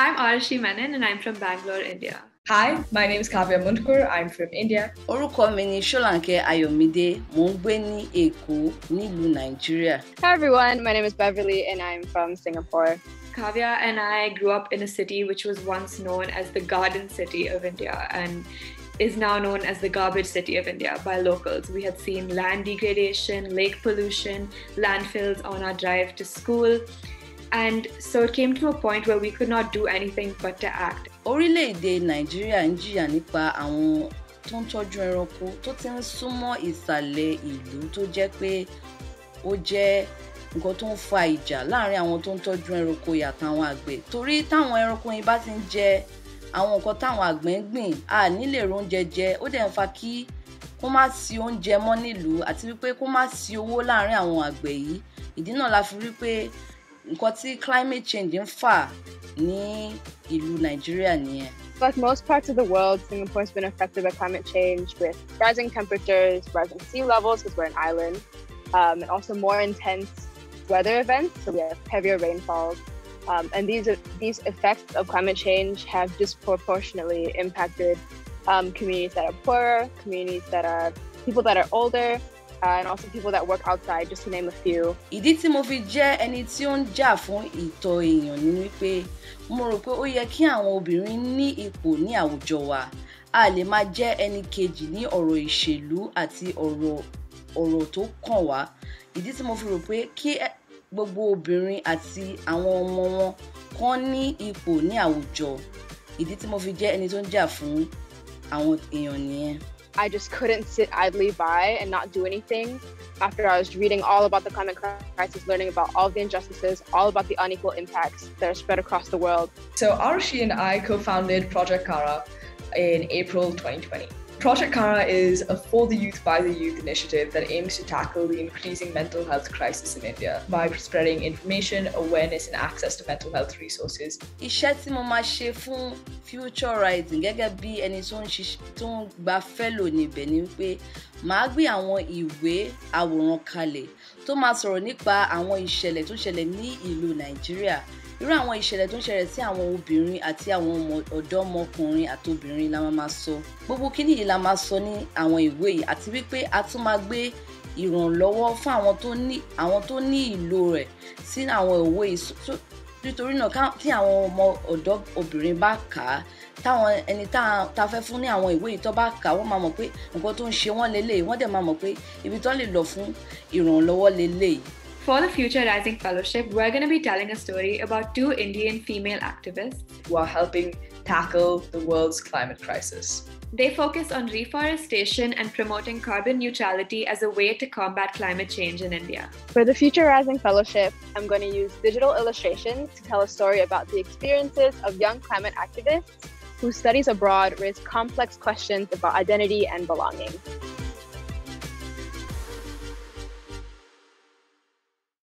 I'm Arashi Menon and I'm from Bangalore, India. Hi, my name is Kavya Mundkur. I'm from India. Orúkọ mi sholanke Ayọ̀mídé. Mo ń gbé ní Èkó, nílùú Hi everyone, my name is Beverly and I'm from Singapore. Kavya and I grew up in a city which was once known as the Garden City of India and is now known as the garbage city of India by locals. We had seen land degradation, lake pollution, landfills on our drive to school. And so it came to a point where we could not do anything but to act. Orílẹ̀-èdè Nàìjíríà ń jìyà nípa àwọn tó ń tọ́jú ẹranko tó ti ń súnmọ́ ìsàlẹ̀ ìlú tó jẹ́ pé ó jẹ́ nǹkan tó ń fa ìjà láàrin àwọn tó ń tọ́jú ẹranko yàtàwọn àgbẹ̀ torí táwọn ẹranko yẹn bá ti ń jẹ àwọn nǹkan táwọn àgbẹ̀ ń gbìn a nílè oúnjẹ jẹ ó dẹ̀ ń fa kí kó má sí oúnjẹ mọ́ nílùú àti wípé kó má sí owó láàrin àwọn àgbẹ̀ yìí ìdí náà la fi rí pé nǹkan tí climate change ń fà ní ìlú nàìjíríà nìyẹn. Like most parts of the world, Singapore has been affected by climate change with rising temperatures, rising sea levels because we're an island, um, and also more intense weather events. So we have heavier rainfalls, um, and these these effects of climate change have disproportionately impacted um, communities that are poorer, communities that are people that are older, uh, and also people that work outside, just to name a few. Ìdí tí mo fi jẹ́ ẹni tí ó ń jà fún ìtọ́ èèyàn ni wípé mo rò pé ó yẹ kí àwọn obìnrin ní ipò ní àwùjọ wa. A lè máa jẹ́ ẹni kejì ní ọ̀rọ̀ ìṣèlú àti ọ̀rọ̀ ọ̀rọ̀ tó kàn wá. Ìdí tí mo fi rò pé kí gbogbo obìnrin àti àwọn ọmọ wọn kàn ní ipò ní àwùjọ. Ìdí tí mo fi jẹ́ ẹni tó ń jà fún àwọn èèyàn nìyẹn. I just couldn't sit idly by and not do anything after I was reading all about the climate crisis, learning about all the injustices, all about the unequal impacts that are spread across the world. So, Arushi and I co founded Project Kara in April 2020. Project Kara is a for the youth by the youth initiative that aims to tackle the increasing mental health crisis in India by spreading information, awareness, and access to mental health resources. Iṣẹ́ tí mo máa ṣe fún Future Rising gaga bí ẹni tó ń tó ń gba fellow níbẹ̀ ni pé màá gbé àwọn ìwé àwòrán kalẹ̀ tó máa sọ̀rọ̀ nípa àwọn ìṣẹ̀lẹ̀ tó ṣẹlẹ̀ ní ìlú nàìjíríà irú àwọn ìṣẹ̀lẹ̀ tó ń ṣẹlẹ̀ sí àwọn obìnrin àti àwọn ọ̀dọ́mọkùnrin àtobìnrin la máa sọ gbogbo kíní yìí la máa sọ ní àwọn ìwé yìí àti wípé a tún máa gbé ìrànlọ́wọ́ fún àwọn tó ní ìlò rẹ̀ sí àwọn ìwé yìí nítorí náà tí àwọn ọmọ ọ̀dọ́ obìnrin bá kà á táwọn ẹni tá a fẹ́ fún ní àwọn ìwé yìí tó bá kà á wọ́n máa mọ̀ pé nǹkan tó ń ṣe wọ́n lélẹ̀ wọ́n dẹ̀ máa mọ̀ pé ibi tó lè lọ fún ìrànlọ́wọ́ lélẹ̀ yìí For the Future Rising Fellowship, we're going to be telling a story about two Indian female activists who are helping tackle the world's climate crisis. They focus on reforestation and promoting carbon neutrality as a way to combat climate change in India. For the Future Rising Fellowship, I'm going to use digital illustrations to tell a story about the experiences of young climate activists whose studies abroad raise complex questions about identity and belonging.